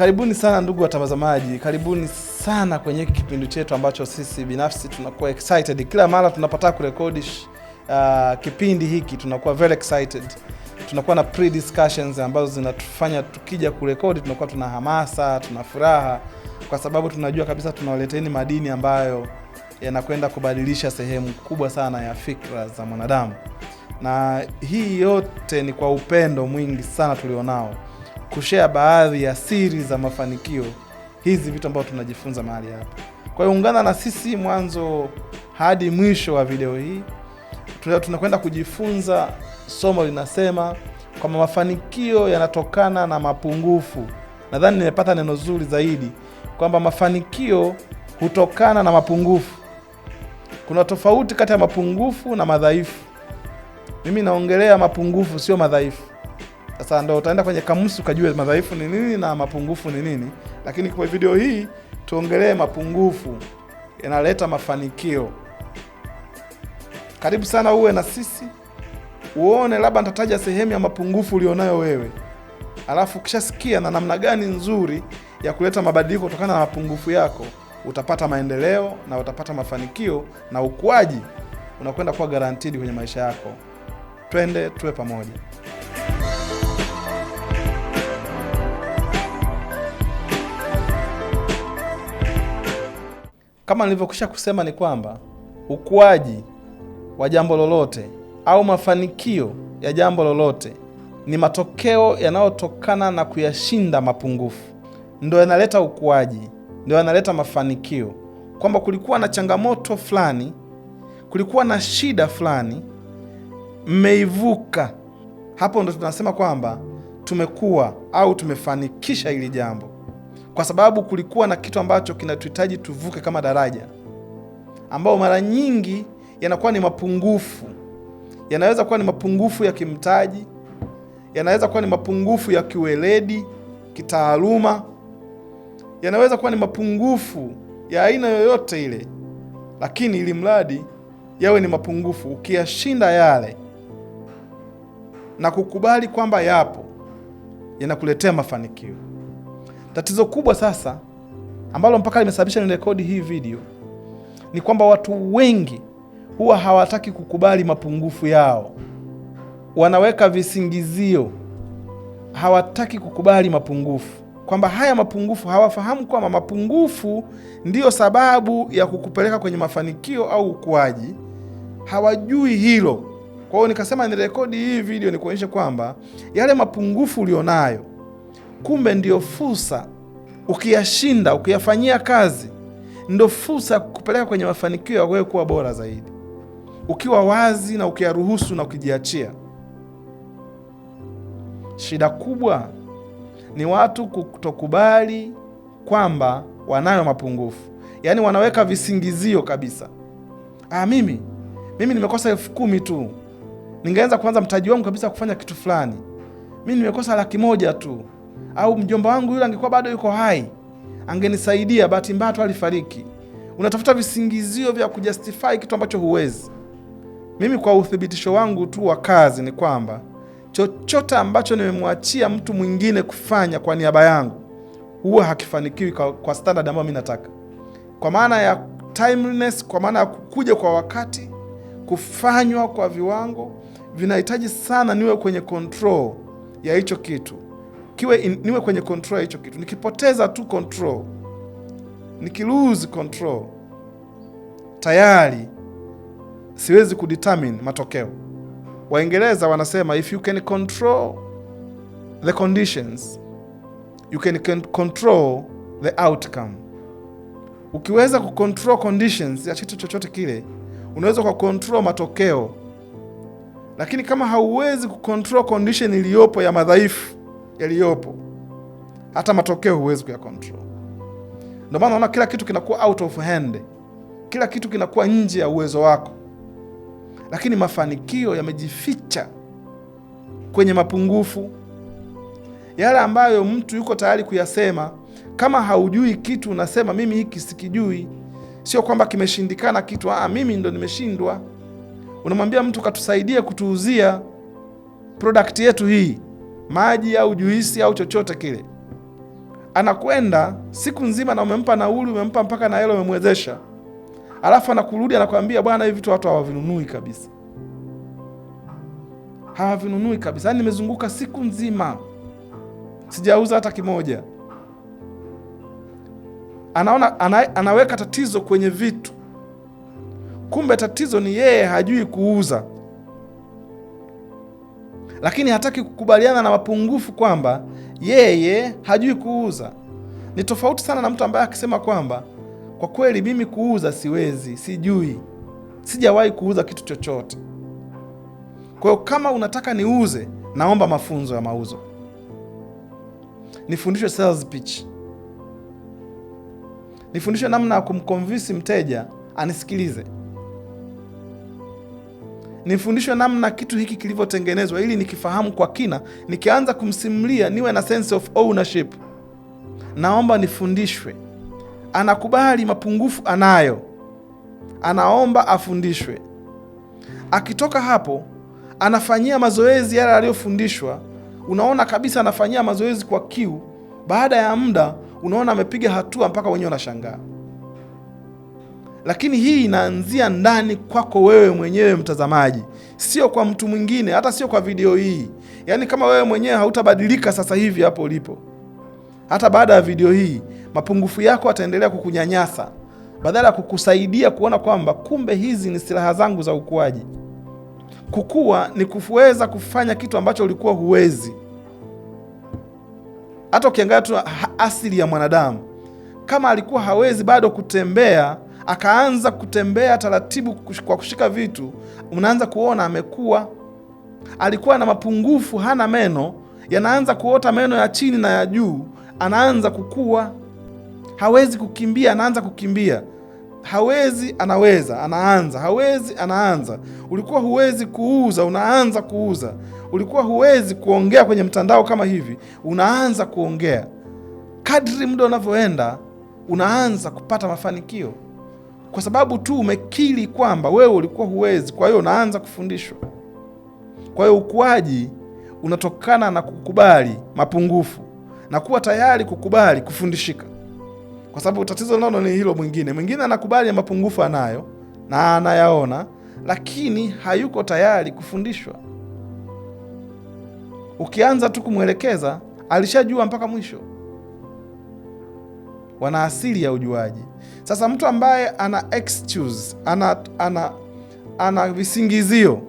Karibuni sana ndugu watazamaji, karibuni sana kwenye kipindi chetu ambacho sisi binafsi tunakuwa excited kila mara tunapata kurekodi uh, kipindi hiki tunakuwa very excited, tunakuwa na pre discussions ambazo zinatufanya tukija kurekodi tunakuwa tuna hamasa, tuna furaha, kwa sababu tunajua kabisa tunawaleteni madini ambayo yanakwenda kubadilisha sehemu kubwa sana ya fikra za mwanadamu, na hii yote ni kwa upendo mwingi sana tulionao kushare baadhi ya siri za mafanikio, hizi vitu ambavyo tunajifunza mahali hapa. Kwa hiyo ungana na sisi mwanzo hadi mwisho wa video hii. Tunakwenda kujifunza somo linasema kwamba mafanikio yanatokana na mapungufu. Nadhani nimepata neno zuri zaidi kwamba mafanikio hutokana na mapungufu. Kuna tofauti kati ya mapungufu na madhaifu. Mimi naongelea mapungufu, sio madhaifu. Sasa ndo utaenda kwenye kamusi ukajue madhaifu ni nini na mapungufu ni nini, lakini kwa video hii tuongelee mapungufu yanaleta mafanikio. Karibu sana uwe na sisi uone, labda nitataja sehemu ya mapungufu ulionayo wewe, alafu kishasikia na namna gani nzuri ya kuleta mabadiliko kutokana na mapungufu yako, utapata maendeleo na utapata mafanikio na ukuaji unakwenda kuwa guaranteed kwenye maisha yako. Twende tuwe pamoja. Kama nilivyokwisha kusema ni kwamba ukuaji wa jambo lolote au mafanikio ya jambo lolote ni matokeo yanayotokana na kuyashinda mapungufu, ndio yanaleta ukuaji, ndio yanaleta mafanikio. Kwamba kulikuwa na changamoto fulani, kulikuwa na shida fulani, mmeivuka, hapo ndo tunasema kwamba tumekuwa au tumefanikisha hili jambo kwa sababu kulikuwa na kitu ambacho kinatuhitaji tuvuke kama daraja, ambao mara nyingi yanakuwa ni mapungufu. Yanaweza kuwa ni mapungufu ya kimtaji, yanaweza kuwa ni mapungufu ya kiweledi, kitaaluma, yanaweza kuwa ni mapungufu ya aina yoyote ile, lakini ili mradi yawe ni mapungufu, ukiyashinda yale na kukubali kwamba yapo, yanakuletea mafanikio. Tatizo kubwa sasa ambalo mpaka limesababisha nirekodi hii video ni kwamba watu wengi huwa hawataki kukubali mapungufu yao, wanaweka visingizio, hawataki kukubali mapungufu, kwamba haya mapungufu, hawafahamu kwamba mapungufu ndiyo sababu ya kukupeleka kwenye mafanikio au ukuaji. Hawajui hilo. Kwa hiyo nikasema nirekodi hii video nikuonyeshe kwamba yale mapungufu ulionayo Kumbe ndiyo fursa, ukiyashinda ukiyafanyia kazi, ndo fursa ya kukupeleka kwenye mafanikio ya wewe kuwa bora zaidi, ukiwa wazi na ukiyaruhusu na ukijiachia. Shida kubwa ni watu kutokubali kwamba wanayo mapungufu, yaani wanaweka visingizio kabisa. Ah, mimi mimi nimekosa elfu kumi tu, ningeanza kuanza mtaji wangu kabisa kufanya kitu fulani. Mimi nimekosa laki moja tu au mjomba wangu yule angekuwa bado yuko hai angenisaidia, bahati mbaya tu alifariki. Unatafuta visingizio vya kujustify kitu ambacho huwezi. Mimi kwa uthibitisho wangu tu wa kazi ni kwamba chochote ambacho nimemwachia mtu mwingine kufanya kwa niaba yangu huwa hakifanikiwi kwa, kwa standard ambayo mi nataka, kwa maana ya timeliness, kwa maana ya kukuja kwa wakati, kufanywa kwa viwango. Vinahitaji sana niwe kwenye control ya hicho kitu kiwe in, niwe kwenye control hicho kitu. Nikipoteza tu control, nikilose control, tayari siwezi kudetermine matokeo. Waingereza wanasema if you can control the conditions you can control the outcome. Ukiweza kucontrol conditions ya kitu chochote kile, unaweza kucontrol matokeo, lakini kama hauwezi kucontrol condition iliyopo ya madhaifu yaliyopo, hata matokeo huwezi control. Ndio maana unaona kila kitu kinakuwa out of hand, kila kitu kinakuwa nje ya uwezo wako, lakini mafanikio yamejificha kwenye mapungufu yale ambayo mtu yuko tayari kuyasema. Kama haujui kitu unasema mimi hiki sikijui, sio kwamba kimeshindikana kitu. Aa, ah, mimi ndo nimeshindwa. Unamwambia mtu katusaidie kutuuzia product yetu hii maji au juisi au chochote kile, anakwenda siku nzima na umempa nauli, umempa mpaka na hela, umemwezesha, alafu anakurudi anakwambia, bwana, hivi vitu watu hawavinunui kabisa, hawavinunui kabisa. Yani nimezunguka siku nzima sijauza hata kimoja. Anaona ana, anaweka tatizo kwenye vitu, kumbe tatizo ni yeye hajui kuuza lakini hataki kukubaliana na mapungufu kwamba yeye hajui kuuza. Ni tofauti sana na mtu ambaye akisema kwamba kwa kweli mimi kuuza siwezi, sijui, sijawahi kuuza kitu chochote. Kwa hiyo kama unataka niuze, naomba mafunzo ya mauzo, nifundishwe sales pitch, nifundishwe namna ya kumkonvinsi mteja anisikilize nifundishwe namna kitu hiki kilivyotengenezwa, ili nikifahamu kwa kina, nikianza kumsimulia niwe na sense of ownership. Naomba nifundishwe. Anakubali mapungufu anayo, anaomba afundishwe. Akitoka hapo, anafanyia mazoezi yale aliyofundishwa. Unaona kabisa anafanyia mazoezi kwa kiu. Baada ya muda, unaona amepiga hatua mpaka wenyewe unashangaa lakini hii inaanzia ndani kwako wewe mwenyewe mtazamaji, sio kwa mtu mwingine, hata sio kwa video hii. Yaani kama wewe mwenyewe hautabadilika sasa hivi hapo ulipo, hata baada ya video hii, mapungufu yako ataendelea kukunyanyasa badala ya kukusaidia kuona kwamba kumbe hizi ni silaha zangu za ukuaji. Kukua ni kuweza kufanya kitu ambacho ulikuwa huwezi. Hata ukiangalia tu asili ya mwanadamu, kama alikuwa hawezi bado kutembea akaanza kutembea taratibu kwa kushika vitu, unaanza kuona amekuwa. Alikuwa na mapungufu, hana meno, yanaanza kuota meno ya chini na ya juu, anaanza kukua. Hawezi kukimbia, anaanza kukimbia. Hawezi, anaweza, anaanza. Hawezi, anaanza. Ulikuwa huwezi kuuza, unaanza kuuza. Ulikuwa huwezi kuongea kwenye mtandao kama hivi, unaanza kuongea. Kadri muda unavyoenda, unaanza kupata mafanikio kwa sababu tu umekiri kwamba wewe ulikuwa huwezi, kwa hiyo unaanza kufundishwa. Kwa hiyo ukuaji unatokana na kukubali mapungufu na kuwa tayari kukubali kufundishika, kwa sababu tatizo nalo ni hilo. Mwingine mwingine anakubali ya mapungufu anayo na anayaona, lakini hayuko tayari kufundishwa. Ukianza tu kumwelekeza, alishajua mpaka mwisho wana asili ya ujuaji. Sasa mtu ambaye ana excuse, ana, ana, ana visingizio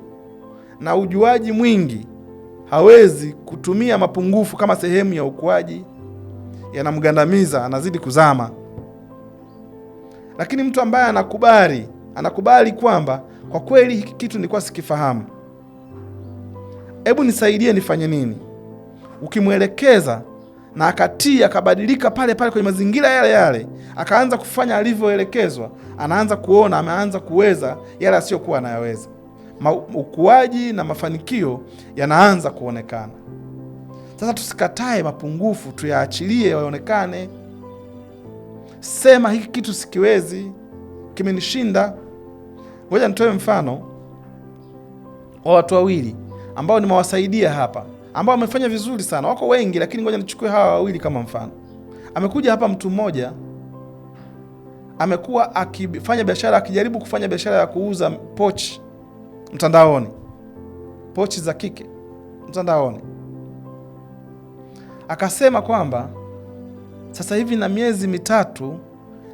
na ujuaji mwingi hawezi kutumia mapungufu kama sehemu ya ukuaji, yanamgandamiza, anazidi kuzama. Lakini mtu ambaye anakubali, anakubali kwamba kwa kweli hiki kitu nilikuwa sikifahamu, hebu nisaidie, nifanye nini? Ukimwelekeza na akatii, akabadilika pale pale kwenye mazingira yale yale, akaanza kufanya alivyoelekezwa, anaanza kuona ameanza kuweza yale asiyokuwa anayaweza. Ukuaji na mafanikio yanaanza kuonekana. Sasa tusikatae mapungufu, tuyaachilie waonekane. Sema hiki kitu sikiwezi, kimenishinda. Ngoja nitoe mfano wa watu wawili ambao nimewasaidia hapa ambao wamefanya vizuri sana, wako wengi, lakini ngoja nichukue hawa wawili kama mfano. Amekuja hapa mtu mmoja amekuwa akifanya biashara, akijaribu kufanya biashara ya kuuza pochi mtandaoni, pochi za kike mtandaoni. Akasema kwamba sasa hivi na miezi mitatu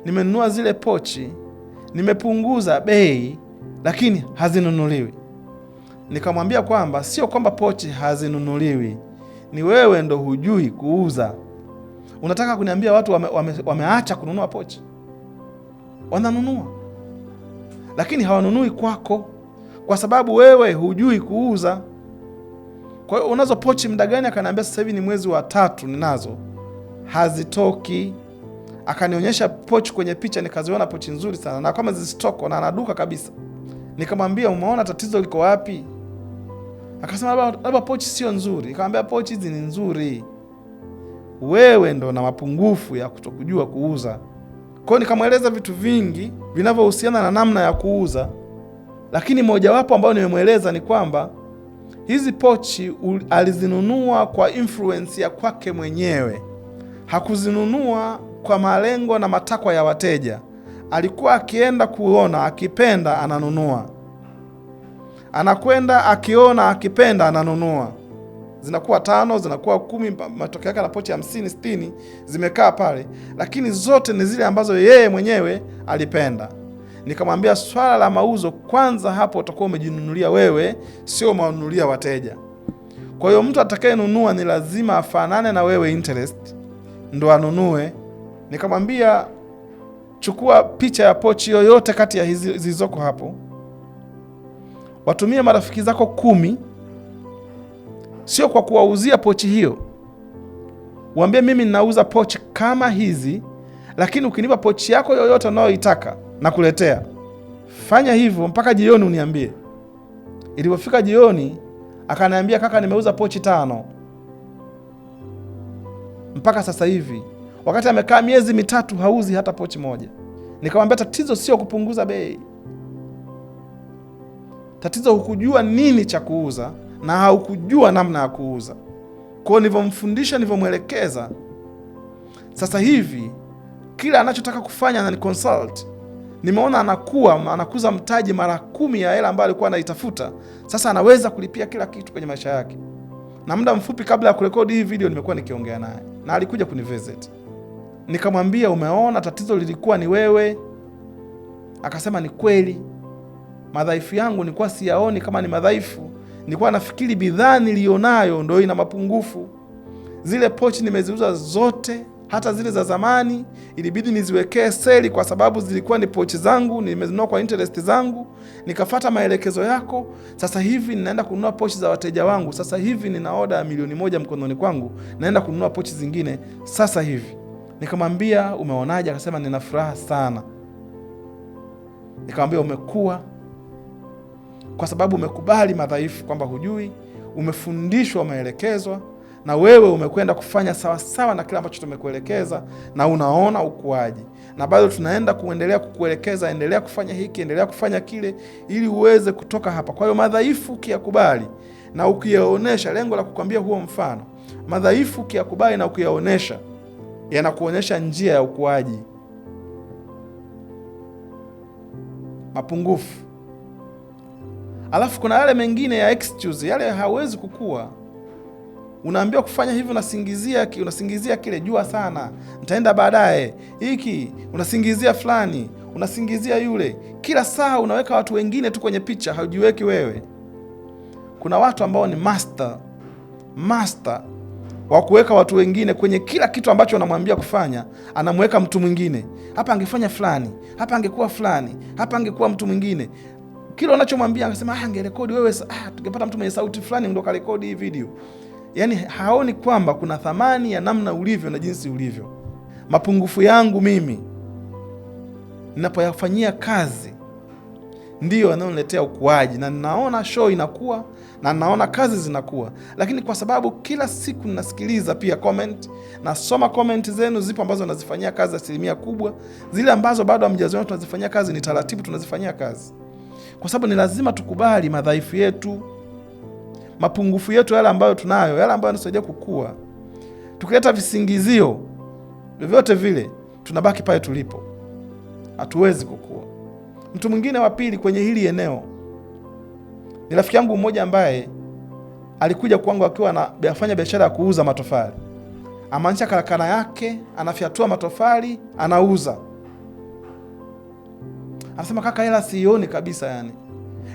nimenunua zile pochi, nimepunguza bei, lakini hazinunuliwi. Nikamwambia kwamba sio kwamba pochi hazinunuliwi, ni wewe ndo hujui kuuza. Unataka kuniambia watu wame, wame, wameacha kununua pochi? Wananunua, lakini hawanunui kwako kwa sababu wewe hujui kuuza. Kwa hiyo unazo pochi muda gani? Akaniambia sasa hivi ni mwezi wa tatu ninazo, hazitoki. Akanionyesha pochi kwenye picha, nikaziona pochi nzuri sana na kama zisitoko na anaduka kabisa. Nikamwambia umeona tatizo liko wapi? Akasema labda pochi sio nzuri. Nikamwambia pochi hizi ni nzuri, wewe ndo na mapungufu ya kutokujua kuuza. Kwa hiyo nikamweleza vitu vingi vinavyohusiana na namna ya kuuza, lakini mojawapo ambayo nimemweleza ni kwamba hizi pochi alizinunua kwa influence ya kwake mwenyewe, hakuzinunua kwa malengo na matakwa ya wateja. Alikuwa akienda kuona, akipenda ananunua anakwenda akiona, akipenda ananunua. Zinakuwa tano, zinakuwa kumi, matokeo yake pochi hamsini, sitini zimekaa pale, lakini zote ni zile ambazo yeye mwenyewe alipenda. Nikamwambia swala la mauzo, kwanza hapo utakuwa umejinunulia wewe, sio umewanunulia wateja. Kwa hiyo mtu atakayenunua ni lazima afanane na wewe interest ndo anunue. Nikamwambia chukua picha ya pochi yoyote kati ya hizi zilizoko hapo watumie marafiki zako kumi, sio kwa kuwauzia pochi hiyo. Waambie mimi ninauza pochi kama hizi, lakini ukinipa pochi yako yoyote unayoitaka nakuletea. Fanya hivyo mpaka jioni, uniambie. Ilipofika jioni, akaniambia kaka, nimeuza pochi tano mpaka sasa hivi, wakati amekaa miezi mitatu hauzi hata pochi moja. Nikamwambia tatizo sio kupunguza bei. Tatizo hukujua nini cha kuuza na haukujua namna ya kuuza. Kwa hiyo nilivyomfundisha, nilivyomwelekeza, sasa hivi kila anachotaka kufanya na ni consult, nimeona anakuwa anakuza mtaji mara kumi ya hela ambayo alikuwa anaitafuta. Sasa anaweza kulipia kila kitu kwenye maisha yake, na muda mfupi kabla ya kurekodi hii video nimekuwa nikiongea naye na alikuja kunivisit, nikamwambia, umeona tatizo lilikuwa ni wewe. Akasema ni kweli madhaifu yangu nilikuwa siyaoni kama ni madhaifu, nilikuwa nafikiri bidhaa nilionayo ndio ina mapungufu. Zile pochi nimeziuza zote, hata zile za zamani ilibidi niziwekee seli, kwa sababu zilikuwa ni pochi zangu, nimezinunua kwa interest zangu, nikafata maelekezo yako. Sasa hivi ninaenda kununua pochi za wateja wangu. Sasa hivi nina oda ya milioni moja mkononi kwangu, naenda kununua pochi zingine sasa hivi. Nikamwambia umeonaje? Akasema nina furaha sana. Nikamwambia umekuwa kwa sababu umekubali madhaifu, kwamba hujui, umefundishwa, umeelekezwa, na wewe umekwenda kufanya sawasawa sawa na kile ambacho tumekuelekeza, na unaona ukuaji, na bado tunaenda kuendelea kukuelekeza, endelea kufanya hiki, endelea kufanya kile, ili uweze kutoka hapa. Kwa hiyo madhaifu ukiyakubali na ukiyaonesha, lengo la kukwambia huo mfano, madhaifu ukiyakubali na ukiyaonesha, yanakuonyesha njia ya ukuaji. Mapungufu Alafu kuna yale mengine ya excuse, yale hawezi kukua. Unaambiwa kufanya hivi, unasingizia unasingizia kile, jua sana, nitaenda baadaye, hiki unasingizia fulani, unasingizia yule. Kila saa unaweka watu wengine tu kwenye picha, haujiweki wewe. Kuna watu ambao ni master master wa kuweka watu wengine kwenye kila kitu ambacho anamwambia kufanya, anamweka mtu mwingine. Hapa angefanya fulani, hapa angekuwa fulani, hapa angekuwa mtu mwingine kile anachomwambia akasema, ah, angerekodi wewe, ah, tungepata mtu mwenye sauti fulani ndo karekodi hii video. Yaani haoni kwamba kuna thamani ya namna ulivyo na jinsi ulivyo. Mapungufu yangu mimi ninapoyafanyia kazi ndiyo yanayoniletea ukuaji, na ninaona show inakuwa na ninaona kazi zinakuwa, lakini kwa sababu kila siku ninasikiliza pia comment, nasoma comment zenu. Zipo ambazo nazifanyia kazi asilimia kubwa, zile ambazo bado hamjaziona tunazifanyia kazi, ni taratibu tunazifanyia kazi kwa sababu ni lazima tukubali madhaifu yetu, mapungufu yetu, yale ambayo tunayo, yale ambayo yanasaidia kukua. Tukileta visingizio vyovyote vile, tunabaki pale tulipo, hatuwezi kukua. Mtu mwingine wa pili kwenye hili eneo ni rafiki yangu mmoja ambaye alikuja kwangu akiwa anafanya biashara ya kuuza matofali, amaanisha karakana yake, anafyatua matofali anauza Anasema kaka, hela sioni kabisa, yani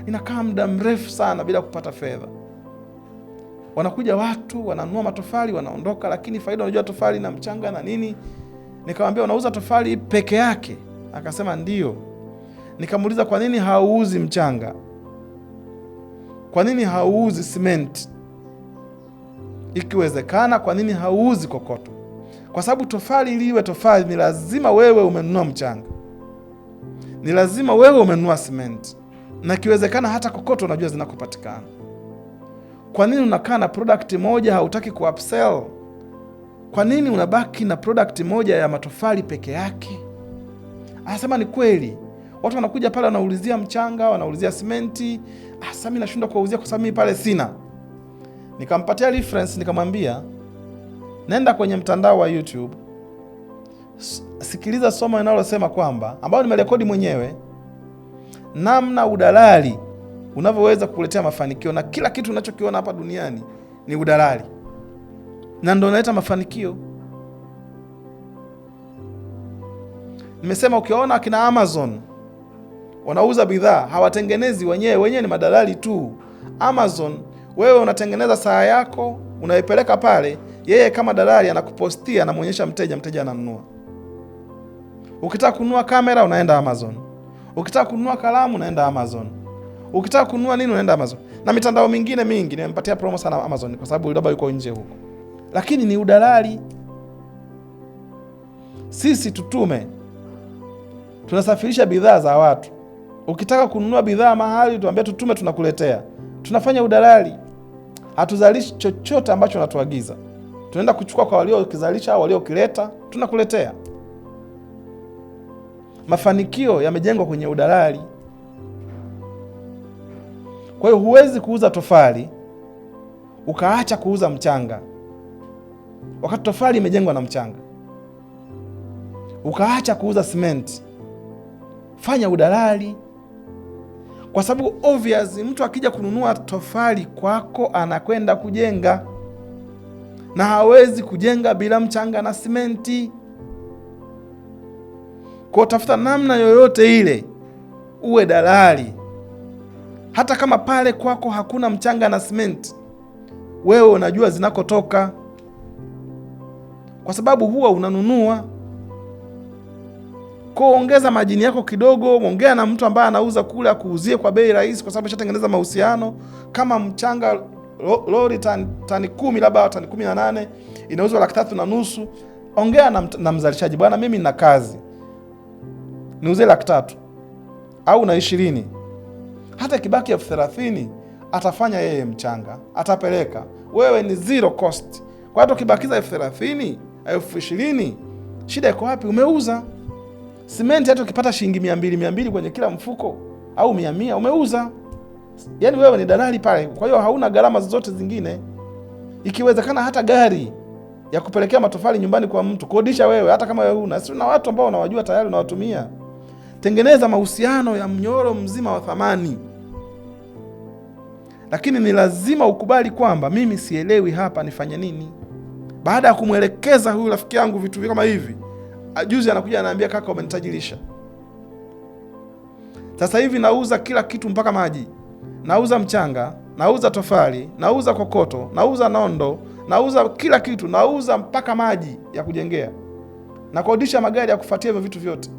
inakaa muda mrefu sana bila kupata fedha. Wanakuja watu wananunua matofali wanaondoka, lakini faida, unajua tofali na mchanga na nini. Nikamwambia unauza tofali peke yake? Akasema ndio. Nikamuuliza kwa nini hauuzi mchanga, kwa nini hauuzi simenti, ikiwezekana kwa nini hauuzi kokoto? Kwa sababu tofali iliwe tofali ni lazima wewe umenunua mchanga ni lazima wewe umenunua simenti na kiwezekana hata kokoto unajua zinakopatikana. Kwa nini unakaa na product moja hautaki ku upsell? Kwa nini unabaki na product moja ya matofali peke yake? Anasema ni kweli, watu wanakuja pale wanaulizia mchanga, wanaulizia simenti. Ah, sasa mimi nashindwa kuwauzia kwa sababu mimi pale sina. Nikampatia reference, nikamwambia nenda kwenye mtandao wa YouTube sikiliza somo linalosema kwamba ambayo nimerekodi mwenyewe, namna udalali unavyoweza kukuletea mafanikio, na kila kitu unachokiona hapa duniani ni udalali na ndo unaleta mafanikio. Nimesema ukiwaona akina Amazon wanauza bidhaa hawatengenezi wenyewe, wenyewe ni madalali tu. Amazon wewe unatengeneza saa yako unaipeleka pale, yeye kama dalali anakupostia, anamwonyesha mteja, mteja ananunua. Ukitaka kununua kamera unaenda Amazon, ukitaka kununua kalamu unaenda Amazon, ukitaka kununua nini unaenda Amazon na mitandao mingine mingi. Nimempatia promo sana Amazon kwa sababu labda yuko nje huko, lakini ni udalali. Sisi tutume tunasafirisha bidhaa za watu. Ukitaka kununua bidhaa mahali, tuambia tutume, tunakuletea. Tunafanya udalali, hatuzalishi chochote ambacho unatuagiza. Tunaenda kuchukua kwa waliokizalisha au waliokileta, tunakuletea. Mafanikio yamejengwa kwenye udalali. Kwa hiyo huwezi kuuza tofali ukaacha kuuza mchanga, wakati tofali imejengwa na mchanga, ukaacha kuuza simenti. Fanya udalali, kwa sababu obvious, mtu akija kununua tofali kwako anakwenda kujenga, na hawezi kujenga bila mchanga na simenti. Kwa tafuta namna yoyote ile uwe dalali, hata kama pale kwako hakuna mchanga na simenti, wewe unajua zinakotoka, kwa sababu huwa unanunua. Kwa ongeza majini yako kidogo, ongea na mtu ambaye anauza kule akuuzie kwa bei rahisi, kwa sababu shatengeneza mahusiano. Kama mchanga lori tani, tani kumi labda tani kumi na nane inauzwa laki tatu na nusu, ongea na, na mzalishaji, bwana, mimi nina kazi niuze laki tatu au na ishirini, hata kibaki elfu thelathini atafanya yeye mchanga, atapeleka wewe, ni zero cost. Kwa hata ukibakiza elfu thelathini elfu ishirini shida iko wapi? Umeuza simenti, hata ukipata shilingi mia mbili mia mbili kwenye kila mfuko au mia mia, umeuza. Yaani wewe ni dalali pale, kwa hiyo hauna gharama zozote zingine. Ikiwezekana hata gari ya kupelekea matofali nyumbani kwa mtu, kodisha wewe, hata kama wewe una, si una watu ambao unawajua tayari unawatumia tengeneza mahusiano ya mnyororo mzima wa thamani, lakini ni lazima ukubali kwamba mimi sielewi hapa nifanye nini. Baada ya kumwelekeza huyu rafiki yangu vitu kama hivi, juzi anakuja anaambia, kaka, umenitajirisha sasa hivi nauza kila kitu, mpaka maji nauza, mchanga nauza, tofali nauza, kokoto nauza, nondo nauza, kila kitu nauza, mpaka maji ya kujengea, nakodisha magari ya kufuatia hivyo vitu vyote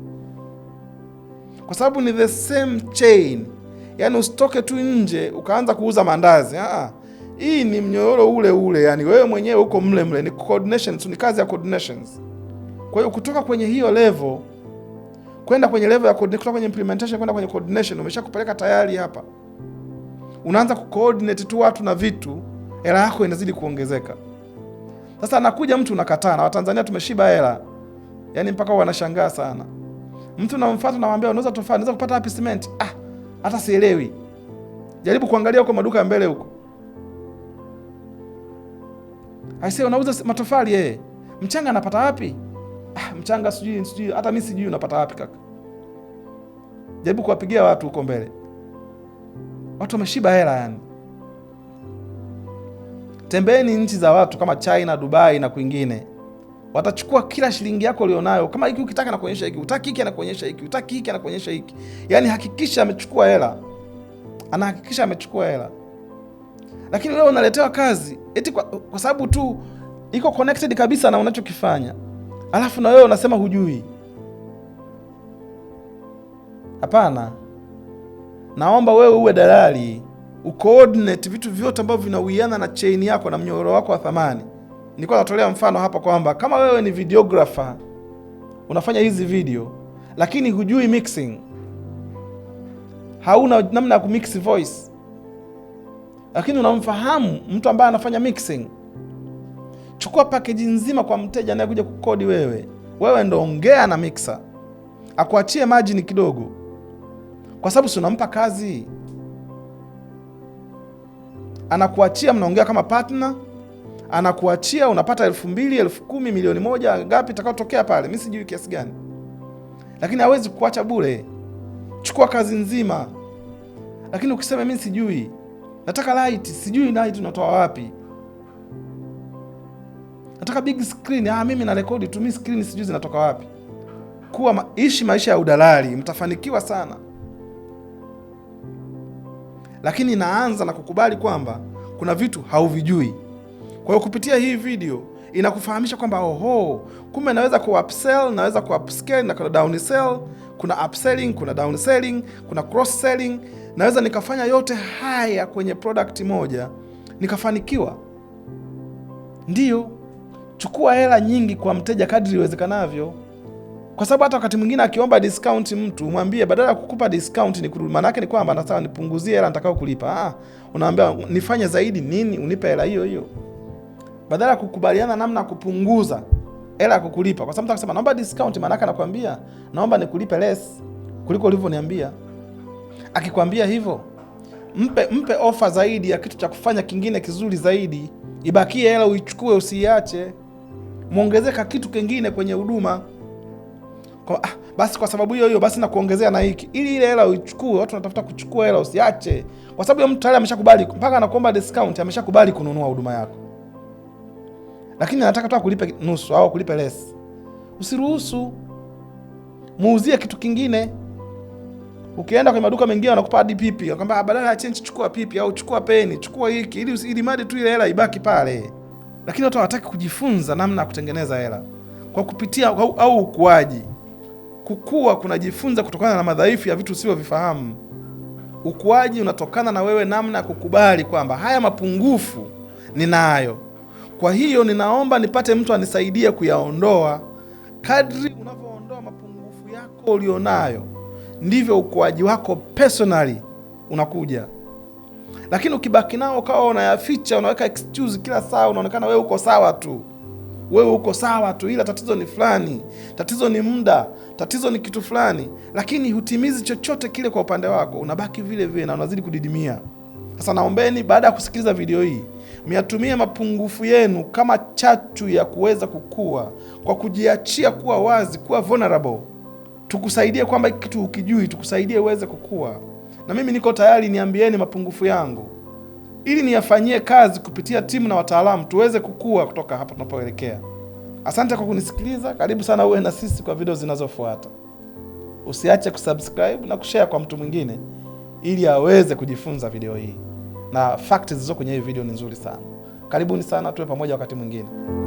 kwa sababu ni the same chain. Yani usitoke tu nje ukaanza kuuza mandazi Aa, ah, ah. hii ni mnyororo ule ule, yani wewe mwenyewe uko mle mle, ni coordination coordinations, ni kazi ya coordinations. Kwa hiyo kutoka kwenye hiyo level kwenda kwenye level ya kutoka kwenye implementation kwenda kwenye coordination, umeshakupeleka tayari hapa. Unaanza ku coordinate tu watu na vitu, hela yako inazidi kuongezeka. Sasa anakuja mtu unakataa, na Watanzania tumeshiba hela, yani mpaka wanashangaa sana. Mtu namfuata namwambia, unaweza tofaa, unaweza kupata wapi simenti? Ah, hata sielewi. Jaribu kuangalia huko maduka ya mbele huko. Aisee, unauza matofali yeye. Eh. Mchanga anapata wapi? Ah, mchanga sijui sijui hata mimi sijui unapata wapi kaka. Jaribu kuwapigia watu huko mbele. Watu wameshiba hela yani. Tembeeni nchi za watu kama China, Dubai na kwingine. Watachukua kila shilingi yako ulionayo, kama hiki ukitaka anakuonyesha hiki, utaki hiki anakuonyesha hiki, utaki hiki anakuonyesha hiki. Yani hakikisha amechukua hela, anahakikisha amechukua hela. Lakini leo unaletewa kazi eti kwa, kwa sababu tu iko connected kabisa na unachokifanya, alafu na wewe unasema hujui. Hapana, naomba wewe uwe dalali, ucoordinate vitu vyote ambavyo vinawiana na chain yako na mnyororo wako wa thamani nilikuwa natolea mfano hapa kwamba kama wewe ni videographer unafanya hizi video lakini hujui mixing, hauna namna ya kumix voice, lakini unamfahamu mtu ambaye anafanya mixing, chukua pakeji nzima kwa mteja anayekuja kukodi wewe. Wewe ndo ongea na mixer akuachie margin kidogo, kwa sababu si unampa kazi, anakuachia, mnaongea kama partner anakuachia unapata elfu mbili elfu kumi milioni moja ngapi takaotokea pale, mi sijui kiasi gani, lakini hawezi kuacha bure. Chukua kazi nzima, lakini ukisema mi sijui, nataka light, sijui light unatoa wapi, nataka big screen. Ah, mimi na rekodi tu, mi screen sijui zinatoka wapi. Kuwa ma ishi maisha ya udalali, mtafanikiwa sana, lakini naanza na kukubali kwamba kuna vitu hauvijui. Kwa hiyo kupitia hii video inakufahamisha kwamba oho, kumbe naweza ku upsell, naweza ku upscale na kuna down sell, kuna upselling, kuna down selling, kuna cross selling. Naweza nikafanya yote haya kwenye product moja nikafanikiwa. Ndiyo, chukua hela nyingi kwa mteja kadri iwezekanavyo, kwa sababu hata wakati mwingine akiomba discount mtu umwambie, badala ya kukupa discount ni kurudi. Maana yake ni kwamba sawa, nipunguzie hela nitakao kulipa. Ah, unaambia nifanye zaidi nini, unipe hela hiyo hiyo badala ya kukubaliana namna ya kupunguza hela ya kukulipa, kwa sababu mtu akisema naomba discount, maana yake anakuambia naomba nikulipe less kuliko ulivyoniambia. Akikwambia hivyo, mpe mpe ofa zaidi ya kitu cha kufanya kingine kizuri zaidi, ibakie hela uichukue, usiiache, muongezeka kitu kingine kwenye huduma. Kwa, ah, basi kwa sababu hiyo hiyo basi nakuongezea na hiki ili ile hela uichukue. Watu wanatafuta kuchukua hela, usiache, kwa sababu mtu tayari ameshakubali, mpaka anakuomba discount, ameshakubali kununua huduma yako lakini anataka tu akulipe nusu au akulipe less, usiruhusu. Muuzie kitu kingine. Ukienda kwenye maduka mengine wanakupa hadi pipi, akwambia ah, badala ya change chukua pipi au chukua peni, chukua hiki, ili ili mali tu ile hela ibaki pale. Lakini watu hawataki kujifunza namna ya kutengeneza hela kwa kupitia au, au ukuaji. Kukua kunajifunza kutokana na madhaifu ya vitu usivyovifahamu. Ukuaji unatokana na wewe namna ya kukubali kwamba haya mapungufu ninayo. Kwa hiyo ninaomba nipate mtu anisaidie kuyaondoa. Kadri unavyoondoa mapungufu yako ulionayo, ndivyo ukuaji wako personally unakuja. Lakini ukibaki nao ukawa unayaficha, unaweka excuse kila saa, unaonekana wewe uko sawa tu wewe uko sawa tu, ila tatizo ni fulani, tatizo ni muda, tatizo ni kitu fulani, lakini hutimizi chochote kile kwa upande wako, unabaki vile vile na unazidi kudidimia. Sasa naombeni baada ya kusikiliza video hii myatumie mapungufu yenu kama chachu ya kuweza kukua kwa kujiachia, kuwa wazi, kuwa vulnerable. Tukusaidie kwamba hiki kitu ukijui, tukusaidie uweze kukua. Na mimi niko tayari, niambieni mapungufu yangu ili niyafanyie kazi kupitia timu na wataalamu, tuweze kukua kutoka hapa tunapoelekea. Asante kwa kunisikiliza. Karibu sana uwe na sisi kwa video zinazofuata. Usiache kusubscribe na kushare kwa mtu mwingine ili aweze kujifunza video hii, na fakti zilizo kwenye hii video ni nzuri sana. Karibuni sana, tuwe pamoja wakati mwingine.